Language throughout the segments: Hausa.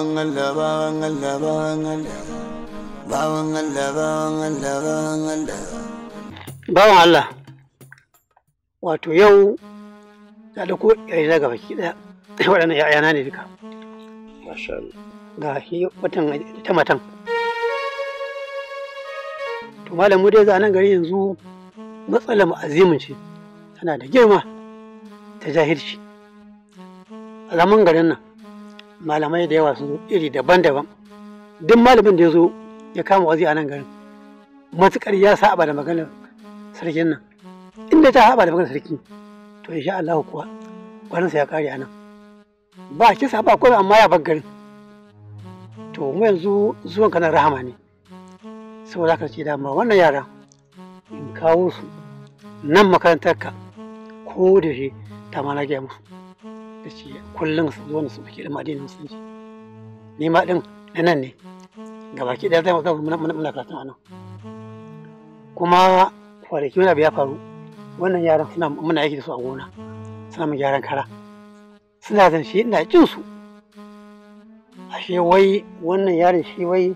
bawan Allah bawan Allah bawan Allah bawan Allah bawan Allah bawan Allah bawan Allah wato yau da da ko yayi daga baki daya waɗannan ya'yana ne duka masha Allah ga shi watan ta matan to malamu dai za nan gari yanzu matsala azimin ce tana da girma ta jahilci a zaman garin nan malamai da yawa sun zo iri daban-daban duk malamin da ya zo ya kama wazi a nan garin matukar ya saba da maganar sarkin nan inda ta haɓa da maganar sarki to insha Allah kuwa kwarinsa ya kare a nan ba kisa ba kuma amma ya bar garin to mu yanzu zuwan kana rahama ne saboda haka ce dama wannan yara in kawo su nan makarantar ka ko da shi ta ma na gaya musu ta ce mm. kullum su zo su ɗauki da madinin musulunci ni ma ɗin na nan ne ga baki ɗaya zai maza muna karatun a nan kuma kwanaki wani abu ya faru wannan yaran suna muna aiki da su a gona suna mu gyaran kara suna zan shi ina jin su ashe wai wannan yaron shi wai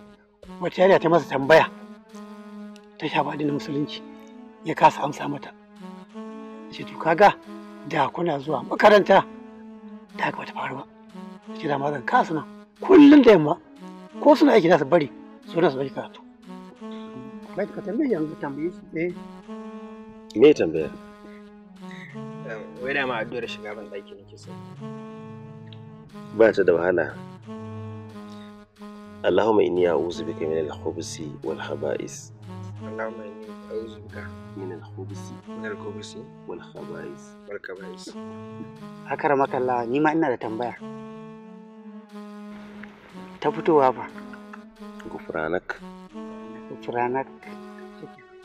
wata yariya ta masa tambaya ta shafa addinin musulunci ya kasa amsa mata ce to kaga da kuna zuwa makaranta da haka bata faru ba ce da mazan kasu nan kullum da yamma ko suna aiki za su bari su na su bari karatu mai ka tambaye yanzu tambaye su eh me tambaya wai da ma addu'ar shiga ban daki nake so ba ta da wahala Allahumma inni اللهم bika min al-khubusi wal-khaba'is اللهم إني أعوذ بك من الخبث من الخبث والخبائث والكبائث أكرمك الله ni ma ina da tambaya ta fitowa ba gufranak gufranak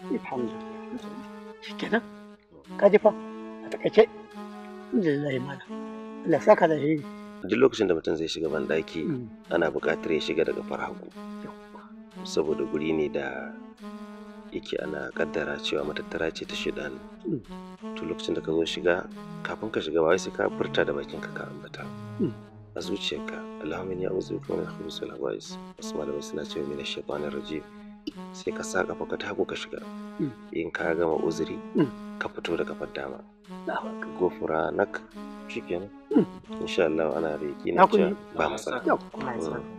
alhamdulillah shikenan ka ji fa a takaice alhamdulillah mana da duk lokacin da mutum zai shiga banɗaki ana buƙatar ya shiga daga farahu saboda guri ne da yake ana ƙaddara cewa matattara ce ta ne. Hmm. to lokacin da ka zo shiga kafin ka shiga ba sai ka furta da bakin ka ka ambata hmm. a zuciyarka Allahumma inni a'udhu bika min khubuthi khaba'is wasu malamai suna cewa mina ash-shaytanir rajim sai ka sa kafa ka tako ka shiga hmm. in ka gama uzuri ka fito da kafar dama ka gofura nak shikenan insha Allah ana da yaki na cewa ba matsala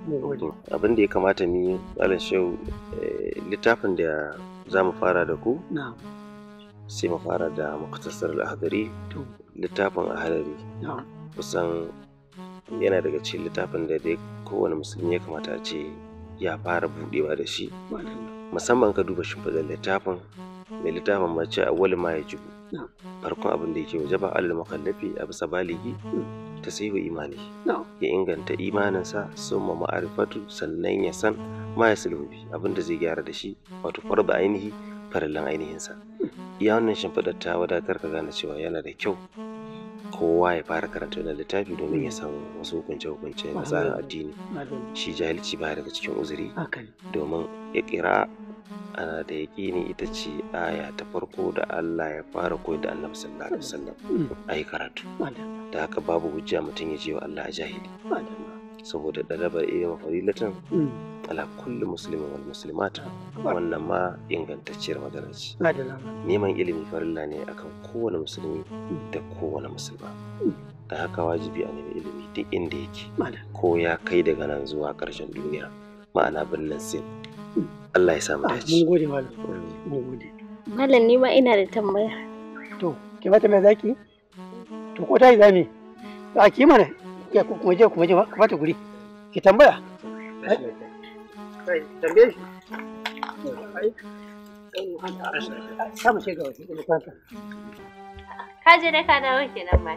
mm. abin da ya kamata ni malam litafin eh, littafin da za mu fara da ku sai mu fara da muktasar al litafin a hadari kusan yana daga cikin littafin da dai kowane musulmi ya kamata ce ya fara budewa da shi musamman ka duba shimfiɗar littafin mai littafin mace a wali ma ya jibu farko abin da yake wajaba ba makallafi a bisa baligi ta wa imani ya inganta imaninsa sun ma ma'arifatu sannan ya san ma ya sulhubi abin da zai gyara da shi wato farba ainihi farallan ainihinsa hmm. iya wannan shimfiɗar ta wadatar ka gane cewa yana da kyau kowa ya fara karanta wannan littafi domin ya san wasu hukunce-hukunce na tsarin addini shi jahilci ba daga cikin uzuri domin ya kira ana da yaƙini ita ce aya ta farko da Allah ya fara koyar da Annabi sallallahu alaihi wasallam ayi karatu da haka babu hujja mutum ya je wa Allah a jahili saboda ɗalabar ilmi mafarilatan, hmm. ala kulli muslimin wal muslimat wannan ma ingantacciyar magana ce neman ilimi farilla ne akan kowane musulmi hmm. da kowane musulma hmm. da haka wajibi a nemi ilimi duk inda yake ko ya kai daga nan zuwa ƙarshen duniya ma'ana birnin sin Allah ya samu ah, dace mun gode malam mun gode malam ni ma ina da tambaya to ki mata mai zaki to ko tai yi zami to a ki mana ya kuma je kuma je ka fata guri ki tambaya tambaye shi ka je da ka dawo nan ma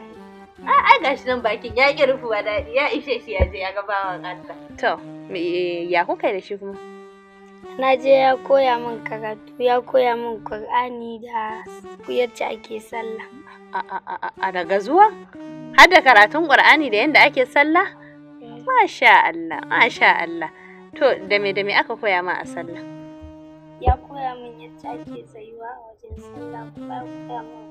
a ai gashi nan bakin ya ki rufuwa daɗi ya ishe shi ya je ya ga bawan Allah to ya kuka da shi kuma na je ya koya min karatu ya koya min qur'ani da yadda ake sallah a daga zuwa har da karatun qur'ani da yadda ake sallah eh. masha Allah masha Allah to da me da me aka koya ma a sallah ya koya min yadda ake tsayuwa a wajen sallah kuma ya koya min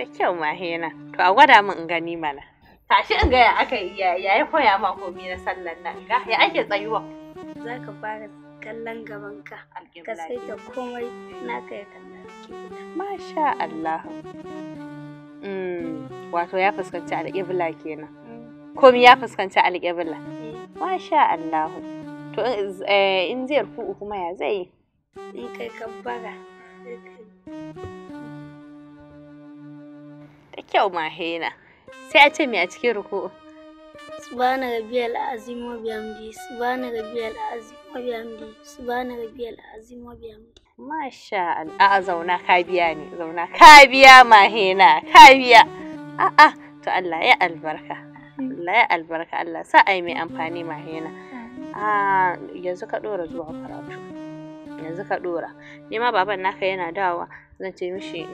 da kyau mahina to a gwada min in gani mana tashi in gaya aka yi ya ya koya ma komi na sallan nan ga ya ake tsayuwa za ka fara kallon gaban ka ka sai da komai ka ya kalla masha Allah hmm, wato ya fuskanci alƙibla kenan hmm. komi ya fuskanci alƙibla eh. masha Allah to eh, in zai rufu kuma ya zai in kai kabbara da kyau mahena sai a ce mai a cikin ruku subhana rabbiyal azim wa bihamdi subhana rabbiyal azim wa bihamdi subhana rabbiyal azim wa bihamdi masha Allah zauna ka biya ne zauna ka biya mahina ka biya a'a to Allah ya albarka Allah ya albarka Allah sa ai mai amfani mahina a yanzu ka dora zuwa karatu yanzu ka dora ni ma baban naka yana dawowa zan ce mishi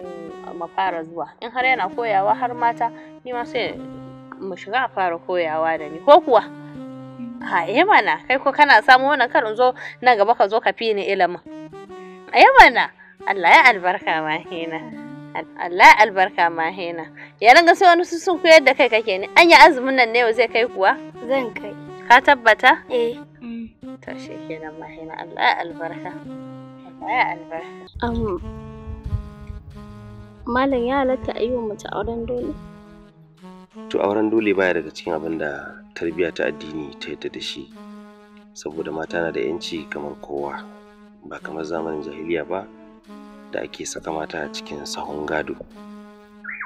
mu fara zuwa in har yana koyawa har mata ni ma sai mu shiga a fara koyawa da ni ko kuwa ha eh mana kai ko kana samu wannan karin zo nan gaba ka zo ka fi ni ilimin a eh mana Allah ya albarka ma hina Allah ya albarka ma hena. Ya ranga sai wani sun koyar da kai kake ne. Anya azumin nan ne zai kai kuwa? Zan kai. Ka tabbata? Eh. to kenan mahina Allah ya albarka Allah ya albarka malam ya halatta a yi wa mace auren dole to auren dole baya daga cikin abin da tarbiyya ta addini ta yadda da shi saboda mata na da yanci kamar kowa ba kamar zamanin jahiliya ba da ake saka mata a cikin sahun gado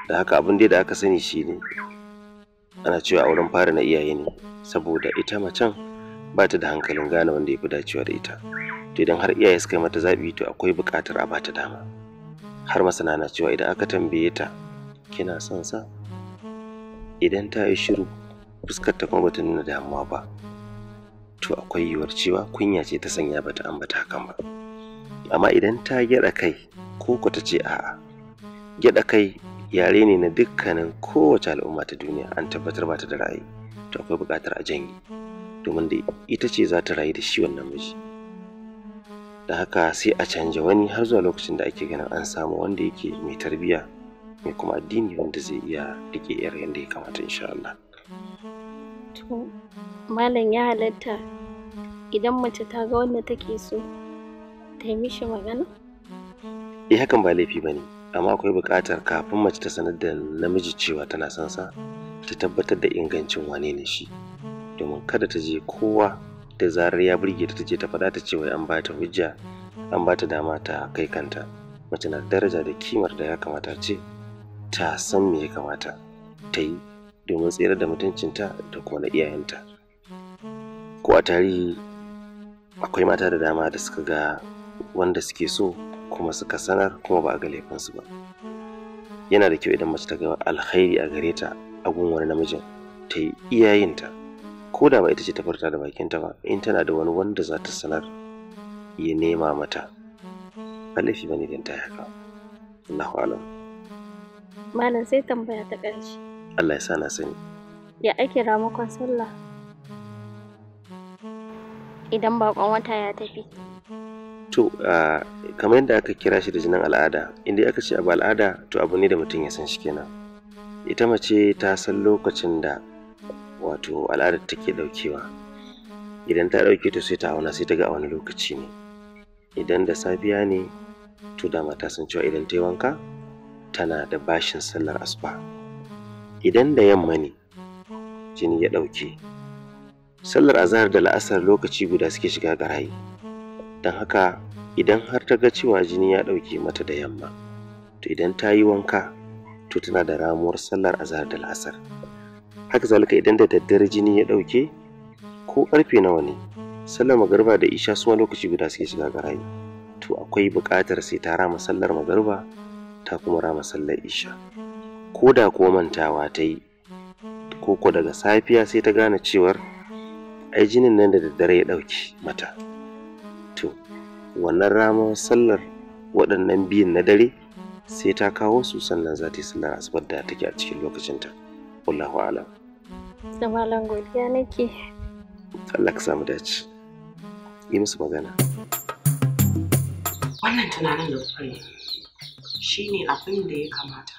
da haka abin dai da aka sani shi ne ana cewa auren fara na iyaye ne saboda ita macen ba ta da hankalin gane wanda ya fi dacewa da ita to idan har iyaye suka yi mata zaɓi to akwai buƙatar a ba ta dama har masana na cewa idan aka tambaye ta kina son sa idan ta yi shiru fuskar ta kuma bata nuna damuwa ba to akwai yiwuwar cewa kunya ce ta sanya bata ambata hakan ba amma idan ta gyaɗa kai ko ku ta ce a'a gyaɗa kai yare ne na dukkanin kowace al'umma ta duniya an tabbatar ba ta da ra'ayi to akwai buƙatar a janye domin da ita ce za ta rayu da shi wannan miji da haka sai a canja wani har zuwa lokacin da ake ganin an samu wanda yake mai tarbiyya mai kuma addini wanda zai iya rike yar yadda ya kamata insha Allah to malam ya halatta idan mace ta ga wanda take so ta yi mishi magana eh hakan ba laifi bane amma akwai buƙatar kafin mace ta sanar da namiji cewa tana son sa ta tabbatar da ingancin wane ne shi domin kada ta je kowa da zarar ya burge ta je ta faɗa ta ce wai an ba ta hujja an ba ta dama ta kai kanta mace na daraja da kimar da ya kamata ce ta san me ya kamata ta yi domin tsere da mutuncinta da kuma na iyayenta ko a tarihi akwai mata da dama da suka ga wanda suke so kuma suka sanar kuma ba a ga laifinsu ba yana da kyau idan mace ta ga alkhairi a gare ta a gun wani namijin ta yi iyayenta ko da ba ita ce ta furta da bakinta ba in tana da wani wanda za ta sanar ya nema mata ba laifi ba ne ta haka Allah alam malam sai tambaya ta ƙarshe Allah ya sa na sani ya ake ramakon sallah idan bakon wata ya tafi to kamar yadda aka kira shi da jinin al'ada inda aka ce abu al'ada to abu ne da mutum ya san shi kenan ita mace ta san lokacin da wato al'adar take daukewa idan ta dauke ta sai ta auna sai ta ga a wani lokaci ne idan da safiya ne to dama ta san cewa idan ta yi wanka tana da bashin sallar asuba idan da yamma ne jini ya dauke sallar azahar da la'asar lokaci guda suke shiga garayi don haka idan har ta ga cewa jini ya dauke mata da yamma to idan ta yi wanka to tana da ramuwar sallar azahar da la'asar haka zalika idan da daddare jini ya ɗauke ko ƙarfe nawa ne sallar magarba da isha su lokaci guda suke shiga garayi to akwai buƙatar sai ta rama sallar magarba ta kuma rama sallar isha ko da kuwa mantawa ta yi ko ko daga safiya sai ta gane cewar ai jinin nan da daddare ya ɗauke mata to wannan rama sallar waɗannan biyun na dare sai ta kawo su sannan za ta yi sallar asibar da take a cikin lokacinta wallahu alam Da malam godiya nake. Allah ka samu dace. Yi musu magana. Wannan tunanin da kuka yi shi ne abin da ya kamata.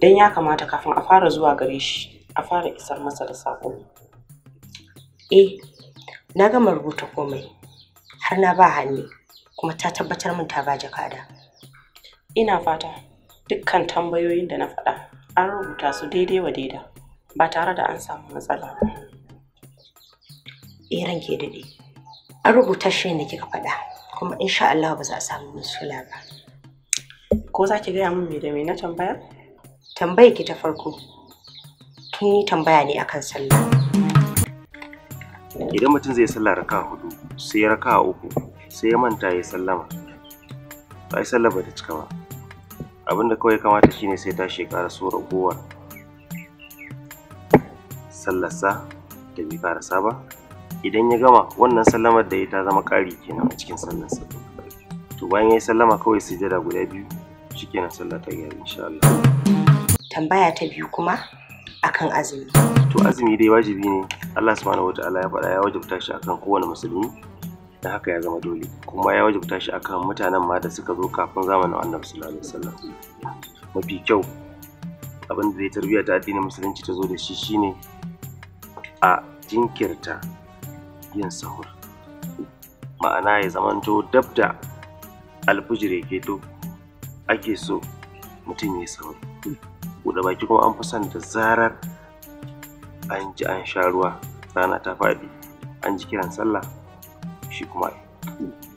Don ya kamata kafin a fara zuwa gare shi, a fara isar masa da saƙo. Eh, na gama rubuta komai, har na ba hannu, kuma ta tabbatar min ta ba jakada. Ina fata dukkan tambayoyin da na faɗa an rubuta su daidai wa daida. ba tare da an samu matsala ba iran eh, ke daɗe an rubuta shi da kika faɗa kuma insha Allah ba za a samu matsala ba ko za ki gaya min me da me na tambaya tambayar ki ta farko kin yi tambaya ne akan sallah idan mutum zai sallah raka hudu sai ya raka uku sai ya manta ya sallama ba sallah ba ta cika ba abinda kawai kamata shine sai ta ya ƙara so ragowar sallarsa da bai fara ba idan ya gama wannan sallamar da ya ta zama ƙari kenan a cikin sallarsa to bayan ya yi sallama kawai sujada guda biyu shikenan sallar ta gyaru insha Allah tambaya ta biyu kuma akan azumi to azumi dai wajibi ne Allah subhanahu wataala ya faɗa ya wajibta shi akan kowane musulmi da haka ya zama dole kuma ya wajibta shi akan mutanen ma da suka zo kafin zamanin Annabi sallallahu alaihi wasallam mafi kyau abin da zai tarbiyya ta addinin musulunci ta zo da shi shine a jinkirta yin sahur ma'ana ya zamanto dab da alfijir ya keto ake so mutum ya sahur buɗe baki kuma an fi son da zarar an ji an sha ruwa rana ta faɗi an ji kiran sallah shi kuma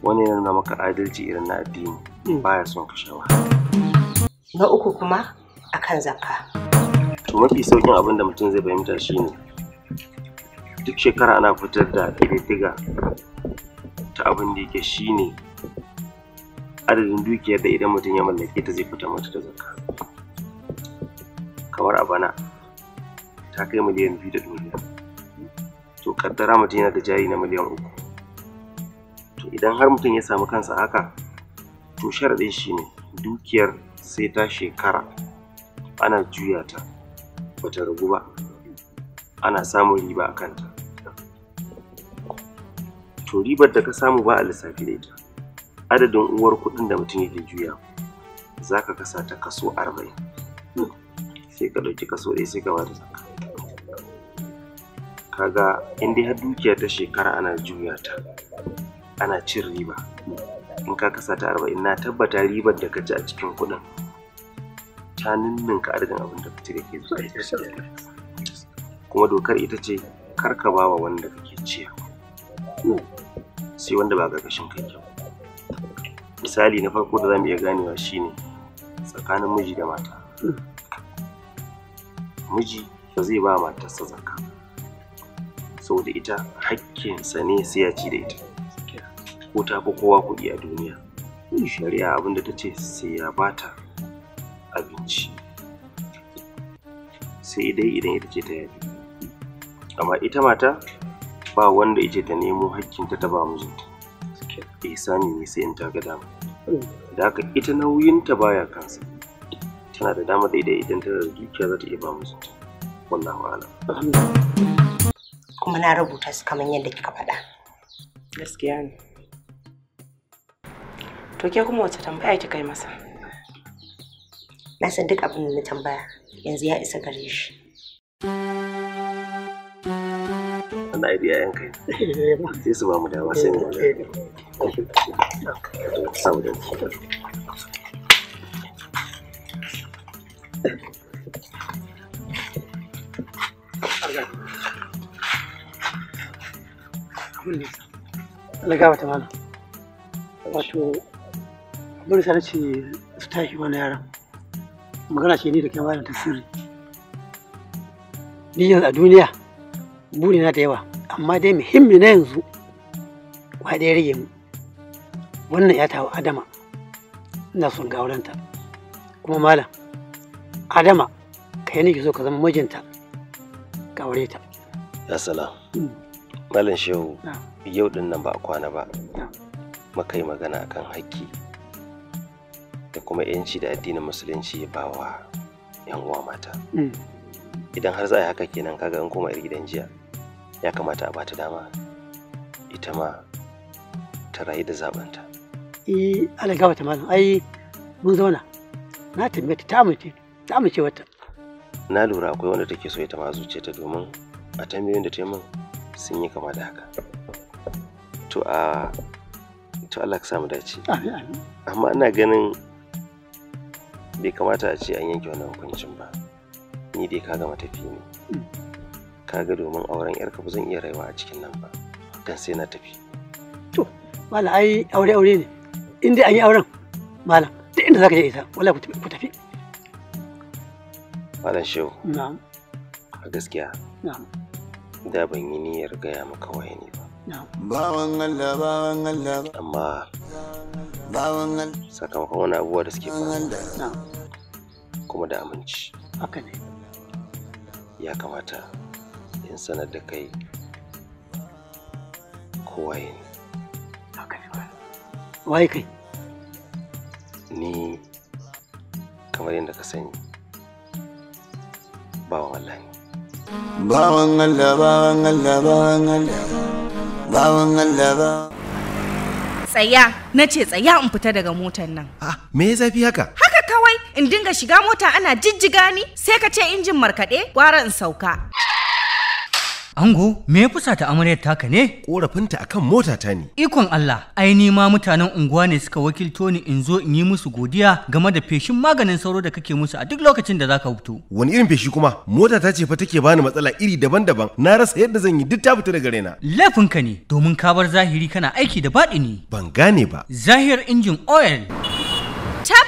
wani yana nuna maka adalci irin na addini hmm. baya son ka sha na uku kuma akan zakka to mafi saukin abin da mutum zai fahimta shine duk shekara ana fitar da ƙididdiga ta abin da yake shine adadin dukiyar da idan mutum ya mallake ta zai fita mata da zakka kamar a bana ta kai miliyan biyu da doriya to kaddara mutum yana da jari na miliyan uku to idan har mutum ya samu kansa haka to sharaɗin ne, dukiyar sai ta shekara ana juya ta bata ragu ba ana samun riba a kanta to ribar da ka samu ba a lissafi da ita adadin uwar kuɗin da mutum yake juya za ka kasa ta kaso arba'in sai ka ɗauki kaso ɗaya sai ka ba zaka kaga in dai har dukiya ta shekara ana juya ta ana cin riba in ka kasa ta arba'in na tabbata ribar da ka ci a cikin kuɗin ta ninninka adadin abin da ka ci da ke zuwa kuma dokar ita ce kar ka ba wa wanda kake ciyarwa sai wanda ba ƙarƙashin kanki ba misali na farko da zamu mu iya ganewa shine tsakanin miji da mata miji ba zai ba matarsa zakka saboda ita hakkinsa ne sai ya ci da ita ko ta fi kowa kuɗi a duniya shari'a abinda ta ce sai ya bata abinci sai dai idan ita ce ta yafi amma ita mata ba wanda ita ta nemo hakkinta ta ba mijinta ihsani ne sai in ta ga dama da haka ita nauyinta baya kansa tana da dama da idan tana da dukiya za ta iya ba mijinta wallahu alam kuma na rubuta su kamar yadda kika faɗa gaskiya ne to ke kuma wace tambaya ta kai masa na san duk abin da na tambaya yanzu ya isa gare shi wallahi da yayan kai sai su ba mu dama sai mu mana. ce su tashi yaran. Magana ce ni da kai da sirri. Ni yanzu a duniya Buri na da yawa amma dai muhimmi na yanzu kwa ɗaya rage mu wannan ya tawo adama ina son gawaranta. kuma malam adama ka yi nake so ka zama mijinta ka ta ya salam hmm. malam shehu yau din nan ba a kwana ba makai magana akan haƙƙi da kuma 'yanci da addinin musulunci ya bawa 'yan uwa mata hmm. idan har za a yi haka kenan kaga in koma gidan jiya ya kamata a bata dama ita ma ta rayu da zabanta eh ala gaba ta malam ai mun zauna na tambaye ta amince ta amince wata na lura akwai wanda take so ita ma zuciya ta domin a tambayoyin da ta yi min sun yi kama da haka to a to Allah ka samu dace amma ina ganin bai kamata a ce an yanke wannan hukuncin ba ni dai kaga tafi ne ga domin auren yarka ba zan iya rayuwa a cikin nan ba dan sai na tafi to malam ai aure aure ne in dai an yi auren malam duk inda zaka je isa wala ku tafi malam shehu na'am a gaskiya na'am da ban yi niyyar gaya maka waye ne ba bawan Allah bawan Allah amma bawan Allah sakamakon wani abubuwa da suke faruwa kuma da aminci haka ne ya kamata in sanar da kai kowa ne. Waye kai? Ni kamar yadda ka sani bawan Allah ne. Bawan Allah, bawan Allah, bawan Allah, bawan Allah ba. Tsaya, na ce tsaya in fita daga motar nan. Ah, me ya zafi haka? Ha! kawai in dinga shiga mota ana jijjiga ni sai ka ce injin markaɗe gwara in sauka. Ango, me ya fusa ta amaryar taka ne? Ƙorafinta akan mota ta ne. Ikon Allah, ai ni ma mutanen unguwa ne suka wakilto ni in zo in yi musu godiya game da feshin maganin sauro da kake musu a duk lokacin da zaka fito. Wani irin feshi kuma? Mota ta ce fa take bani matsala iri daban-daban. Na rasa yadda zan yi duk ta fita daga raina. Laifinka ne, domin ka bar zahiri kana aiki da baɗi ne. Ban gane ba. Zahir injin oil.